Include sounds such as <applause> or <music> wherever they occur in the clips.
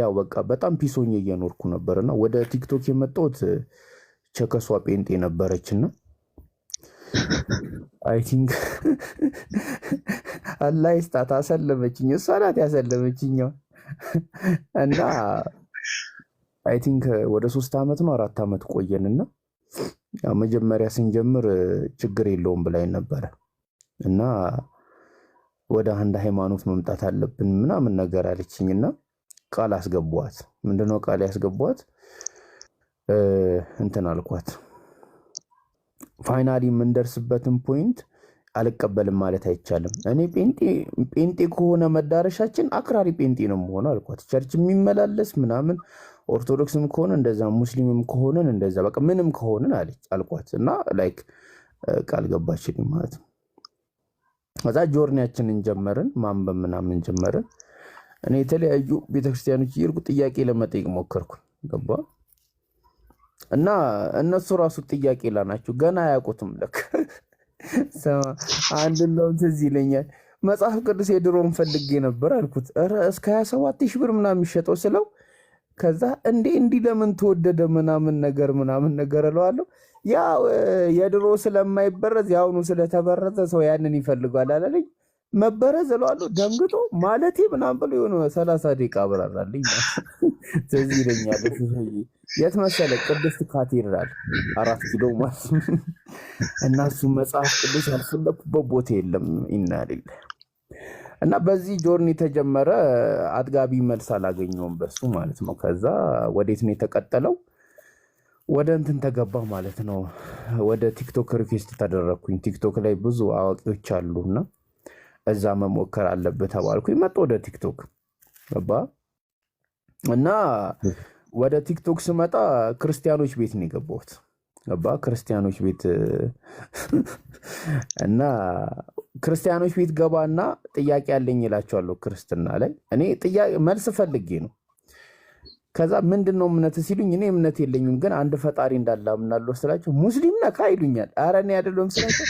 ያው በቃ በጣም ፒሶኝ እየኖርኩ ነበር እና ወደ ቲክቶክ የመጣሁት ቸከሷ ጴንጤ ነበረች እና አይ ቲንክ <laughs> አላህ ይስጣት አሰለመችኝ። እሷ ናት ያሰለመችኝ እና አይ ቲንክ ወደ ሶስት ዓመት ነው አራት ዓመት ቆየን እና መጀመሪያ ስንጀምር ችግር የለውም ብላይ ነበረ እና ወደ አንድ ሃይማኖት መምጣት አለብን ምናምን ነገር አለችኝ እና ቃል አስገቧት። ምንድነው ቃል ያስገቧት? እንትን አልኳት። ፋይናሊ የምንደርስበትን ፖይንት አልቀበልም ማለት አይቻልም። እኔ ጴንጤ ከሆነ መዳረሻችን አክራሪ ጴንጤ ነው መሆኑ አልኳት። ቸርች የሚመላለስ ምናምን ኦርቶዶክስም ከሆነ እንደዛ ሙስሊምም ከሆነን እንደዛ በቃ ምንም ከሆንን አልኳት እና ላይክ ቃል ገባችልኝ ማለት ነው። ከዛ ጆርኒያችንን ጀመርን፣ ማንበብ ምናምን ጀመርን። እኔ የተለያዩ ቤተክርስቲያኖች እየሄድኩ ጥያቄ ለመጠየቅ ሞከርኩ። ገባ እና እነሱ ራሱ ጥያቄ ላ ገና አያውቁትም። ለክ <laughs> አንድ ለውን ትዝ ይለኛል መጽሐፍ ቅዱስ የድሮውን ፈልጌ ነበር አልኩት። እስከ 27 ሺህ ብር ምናምን የሚሸጠው ስለው ከዛ እንዴ እንዲህ ለምን ተወደደ ምናምን ነገር ምናምን ነገር እለዋለሁ። ያው የድሮ ስለማይበረዝ የአሁኑ ስለተበረዘ ሰው ያንን ይፈልጓል አላለኝ መበረዝ እለዋለሁ። ደንግጦ ማለቴ ምናምን ብሎ የሆነ ሰላሳ ደቂቃ አብራራልኝ። ስለዚህ ይለኛል የት መሰለ ቅድስት ካቴድራል አራት ኪሎ ማለት እና እሱ መጽሐፍ ቅዱስ ያልፈለኩበት ቦታ የለም ይናልል እና በዚህ ጆርኒ የተጀመረ አጥጋቢ መልስ አላገኘውም በሱ ማለት ነው። ከዛ ወዴት ነው የተቀጠለው? ወደ እንትን ተገባ ማለት ነው። ወደ ቲክቶክ ሪኩዌስት ተደረግኩኝ። ቲክቶክ ላይ ብዙ አዋቂዎች አሉ እና እዛ መሞከር አለብህ ተባልኩ። መጣ ወደ ቲክቶክ ገባ እና ወደ ቲክቶክ ስመጣ ክርስቲያኖች ቤት ነው የገባሁት። ገባ ክርስቲያኖች ቤት <laughs> እና ክርስቲያኖች ቤት ገባ እና ጥያቄ ያለኝ ይላቸዋለሁ። ክርስትና ላይ እኔ ጥያቄ መልስ ፈልጌ ነው። ከዛ ምንድን ነው እምነት ሲሉኝ እኔ እምነት የለኝም ግን አንድ ፈጣሪ እንዳለ ስላቸው ሙስሊም ነካ ይሉኛል። ኧረ እኔ አይደለሁም ስላቸው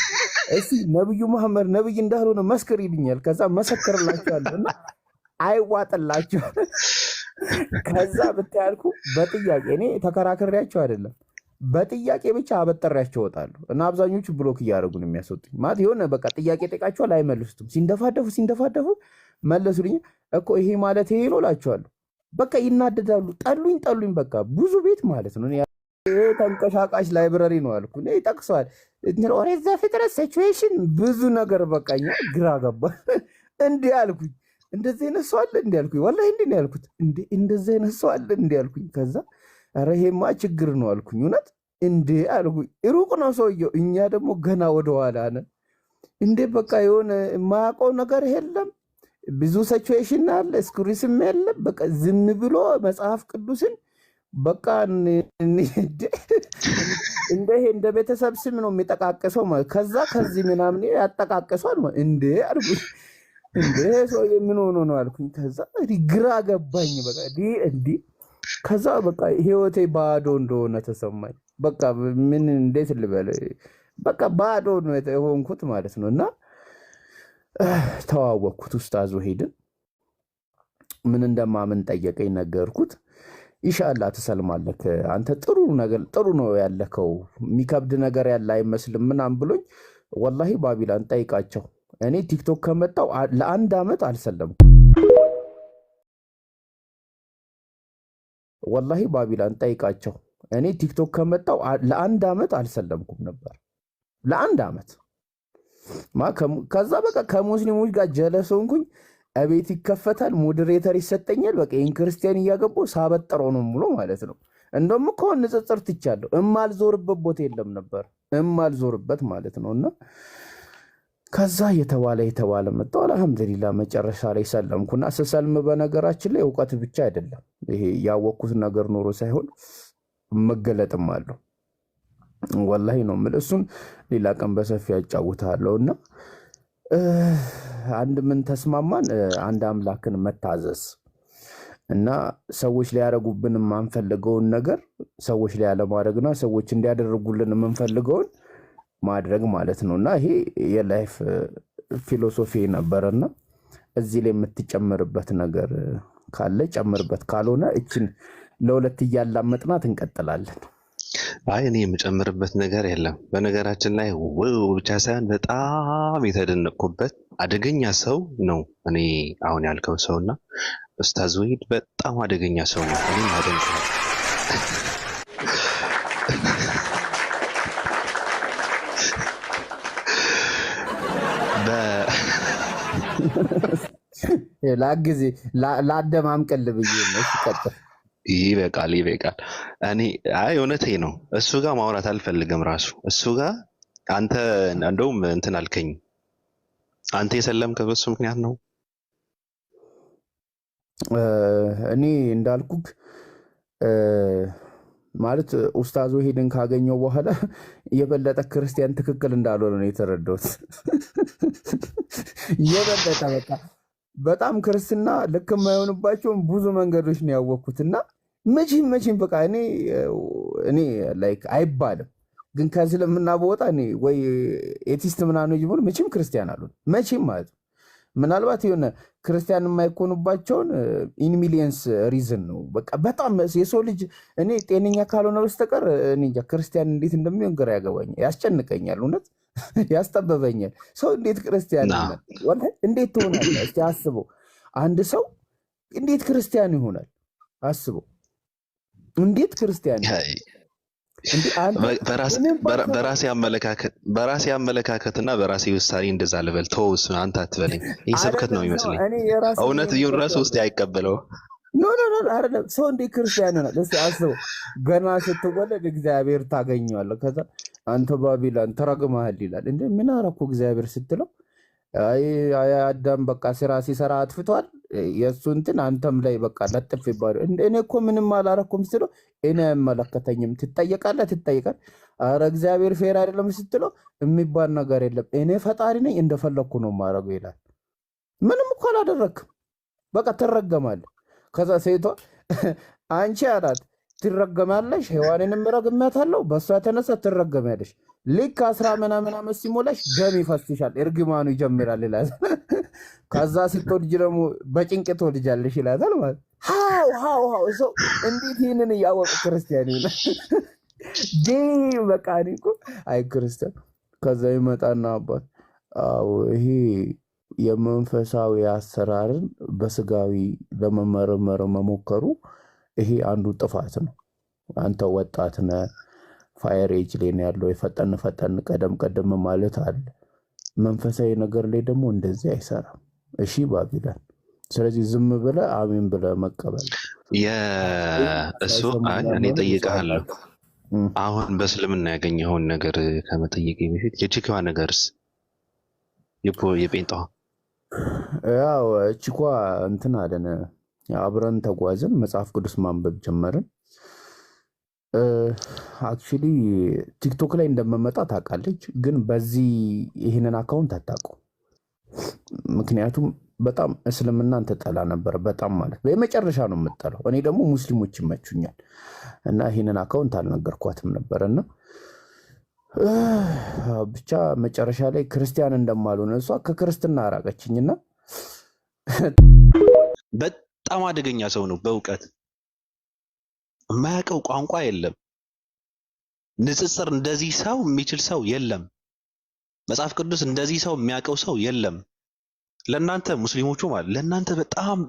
እስቲ ነብዩ መሐመድ ነብይ እንዳልሆነ መስክር ይልኛል። ከዛ መሰክርላችኋለሁ እና አይዋጥላችሁ። ከዛ ብታያልኩ በጥያቄ እኔ ተከራክሬያቸው አይደለም በጥያቄ ብቻ አበጠሪያቸው ይወጣሉ እና አብዛኞቹ ብሎክ እያደረጉ ነው የሚያስወጡኝ። ማለት የሆነ በቃ ጥያቄ ጠቃቸኋል አይመልሱትም። ሲንደፋደፉ ሲንደፋደፉ መለሱልኝ እኮ ይሄ ማለት ይሄ ነው እላቸዋለሁ። በቃ ይናደዳሉ። ጠሉኝ ጠሉኝ። በቃ ብዙ ቤት ማለት ነው ተንቀሳቃሽ ላይብረሪ ነው አልኩ። ይጠቅሰዋል። ኦሬዛ ፍጥረት ሲቹዌሽን ብዙ ነገር በቃኛ ግራ ገባ። እንዲህ አልኩኝ እንደዚህ አይነት ሰው አለ እንዲህ አልኩኝ። ወላሂ እንዲህ ነው ያልኩት። እንደዚህ አይነት ሰው አለ እንዲህ አልኩኝ። ከዛ ኧረ ይሄማ ችግር ነው አልኩኝ። እውነት እንዴ አልኩኝ። ሩቅ ነው ሰውየው፣ እኛ ደግሞ ገና ወደኋላ ነን። እንዴ በቃ የሆነ የማያውቀው ነገር የለም ብዙ ሲቹዌሽን አለ፣ ስክሪስም የለም። በቃ ዝም ብሎ መጽሐፍ ቅዱስን በቃ እንደ እንደ ቤተሰብ ስም ነው የሚጠቃቀሰው። ከዛ ከዚህ ምናምን ያጠቃቀሷል እንዴ አልኩ። እንዴ ሰው የምንሆነ ነው አልኩኝ። ከዛ ግራ ገባኝ። በቃ እንዲ ከዛ በቃ ህይወቴ ባዶ እንደሆነ ተሰማኝ። በቃ ምን እንዴት ልበለ፣ በቃ ባዶ ነው የሆንኩት ማለት ነው። እና ተዋወቅኩት። ውስጥ አዞ ሄድን። ምን እንደማምን ጠየቀኝ፣ ነገርኩት። ኢንሻአላ ትሰልማለክ አንተ ጥሩ ነገር ጥሩ ነው ያለከው የሚከብድ ነገር ያለ አይመስልም ምናምን ብሎኝ፣ ወላሂ ባቢላን ጠይቃቸው። እኔ ቲክቶክ ከመጣው ለአንድ ዓመት አልሰለምኩም። ወላሂ ባቢላን ጠይቃቸው። እኔ ቲክቶክ ከመጣው ለአንድ ዓመት አልሰለምኩም ነበር። ለአንድ ዓመት ከዛ በቃ ከሙስሊሞች ጋር ጀለሰውንኩኝ እቤት ይከፈታል፣ ሞዴሬተር ይሰጠኛል። በቃ ይህን ክርስቲያን እያገባሁ ሳበጠረው ነው ሙሉ ማለት ነው። እንደውም እኮ ንጽጽር ትቻለሁ። እማልዞርበት ቦታ የለም ነበር እማልዞርበት ማለት ነው። እና ከዛ የተባለ የተባለ መጣው። አልሐምዱሊላ መጨረሻ ላይ ሰለምኩና ስሰልም በነገራችን ላይ እውቀት ብቻ አይደለም ይሄ ያወቅኩት ነገር ኖሮ ሳይሆን መገለጥም አለው። ወላሂ ነው የምልህ። እሱን ሌላ ቀን በሰፊ ያጫውታለሁ እና አንድ ምን ተስማማን? አንድ አምላክን መታዘዝ እና ሰዎች ሊያደረጉብን የማንፈልገውን ነገር ሰዎች ላይ ያለማድረግና ሰዎች እንዲያደርጉልን የምንፈልገውን ማድረግ ማለት ነው። እና ይሄ የላይፍ ፊሎሶፊ ነበረና እዚህ ላይ የምትጨምርበት ነገር ካለ ጨምርበት፣ ካልሆነ እችን ለሁለት እያላመጥናት እንቀጥላለን። አይ እኔ የምጨምርበት ነገር የለም። በነገራችን ላይ ውው ብቻ ሳይሆን በጣም የተደነቅኩበት አደገኛ ሰው ነው። እኔ አሁን ያልከው ሰውና ኡስታዝ ወሒድ በጣም አደገኛ ሰው ነው። እኔ አደንቀ ላግዜ ላደማምቀል ብዬ ነው። ይበቃል፣ ይበቃል። እኔ አይ እውነቴ ነው። እሱ ጋር ማውራት አልፈልግም። ራሱ እሱ ጋር አንተ እንደውም እንትን አልከኝ። አንተ የሰለምከው በሱ ምክንያት ነው። እኔ እንዳልኩክ ማለት ኡስታዞ ሄድን ካገኘው በኋላ የበለጠ ክርስቲያን ትክክል እንዳልሆነ ነው የተረዳሁት። <laughs> የበለጠ በቃ በጣም ክርስትና ልክ የማይሆንባቸውን ብዙ መንገዶች ነው ያወቅኩት እና መቼም መቼም በቃ እኔ እኔ ላይክ አይባልም፣ ግን ከእስልምና ለምናበወጣ እኔ ወይ ኤቲስት ምናምን ጅሆን መቼም ክርስቲያን አሉ መቼም ማለት ነው። ምናልባት የሆነ ክርስቲያን የማይኮኑባቸውን ኢንሚሊየንስ ሪዝን ነው። በቃ በጣም የሰው ልጅ እኔ ጤነኛ ካልሆነ በስተቀር ክርስቲያን እንዴት እንደሚሆን ግራ ያገባኛል፣ ያስጨንቀኛል፣ እውነት <laughs> ያስጠበበኛል። ሰው እንዴት ክርስቲያን እንዴት ትሆናለህ? እስኪ አስበው። አንድ ሰው እንዴት ክርስቲያን ይሆናል? አስበው እንዴት ክርስቲያን በራሴ አመለካከትና በራሴ ውሳኔ እንደዛ ልበል ተውስ አንተ አትበለኝ። ይህ ስብከት ነው ይመስለኝ። እውነት ቢሆን ራሱ ውስጥ አይቀበለው። ኖ ኖ ኖ አይደለም። ሰው እንዴ ክርስቲያን ሆናል። እስኪ አስበው፣ ገና ስትወለድ እግዚአብሔር ታገኘዋለህ። ከዛ አንተ ባቢላን ተረግመሃል ይላል። እንደ ምን አረኩ እግዚአብሔር ስትለው አዳም በቃ ስራ ሲሰራ አጥፍቷል። የእሱ እንትን አንተም ላይ በቃ ለጥፍ ይባሉ። እኔ እኮ ምንም አላረኩም ስትሎ እኔ አይመለከተኝም ትጠየቃለ ትጠይቃል። አረ እግዚአብሔር ፌር አይደለም ስትሎ የሚባል ነገር የለም። እኔ ፈጣሪ ነኝ እንደፈለግኩ ነው ማድረገው ይላል። ምንም እኮ አላደረግም በቃ ትረገማለህ። ከዛ ሴቷ አንቺ አላት ትረገማለሽ። ሔዋንንም ረግሜያታለሁ፣ በእሷ የተነሳ ትረገሚያለሽ። ልክ አስራ ምናምን ዓመት ሲሞላሽ ደም ይፈስሻል፣ እርግማኑ ይጀምራል ይላል። <laughs> ከዛ ስትወልጅ ደግሞ በጭንቅ ትወልጃለሽ ይላታል። ማለት ሀው ሀው ሀው ሰው እንዴት ይህንን እያወቁ ክርስቲያን ይሆናል? <laughs> በቃ እኮ አይ ክርስቲያን ከዛ ይመጣና አባት አዎ ይሄ የመንፈሳዊ አሰራርን በስጋዊ ለመመረመር መሞከሩ ይሄ አንዱ ጥፋት ነው። አንተ ወጣት ነህ፣ ፋየር ኤጅ ላይ ያለው። የፈጠን ፈጠን ቀደም ቀደም ማለት አለ። መንፈሳዊ ነገር ላይ ደግሞ እንደዚህ አይሰራም። እሺ ባቢላን። ስለዚህ ዝም ብለ አሜን ብለ መቀበል እሱ እኔ ጠይቀሃለሁ። አሁን በእስልምና ያገኘኸውን ነገር ከመጠየቅ በፊት የችኪዋ ነገርስ የጴንጣዋ ያው ችኳ እንትን አለን አብረን ተጓዝን። መጽሐፍ ቅዱስ ማንበብ ጀመርን። አክቹሊ ቲክቶክ ላይ እንደምመጣ ታውቃለች፣ ግን በዚህ ይህንን አካውንት አታውቀው። ምክንያቱም በጣም እስልምናን ትጠላ ነበር። በጣም ማለት የመጨረሻ ነው የምጠላው። እኔ ደግሞ ሙስሊሞች ይመቹኛል እና ይህንን አካውንት አልነገርኳትም ነበር እና ብቻ መጨረሻ ላይ ክርስቲያን እንደማልሆነ እሷ ከክርስትና አራቀችኝና በጣም አደገኛ ሰው ነው። በእውቀት የማያውቀው ቋንቋ የለም። ንጽጽር እንደዚህ ሰው የሚችል ሰው የለም። መጽሐፍ ቅዱስ እንደዚህ ሰው የሚያውቀው ሰው የለም። ለእናንተ ሙስሊሞቹ ማለት ለእናንተ በጣም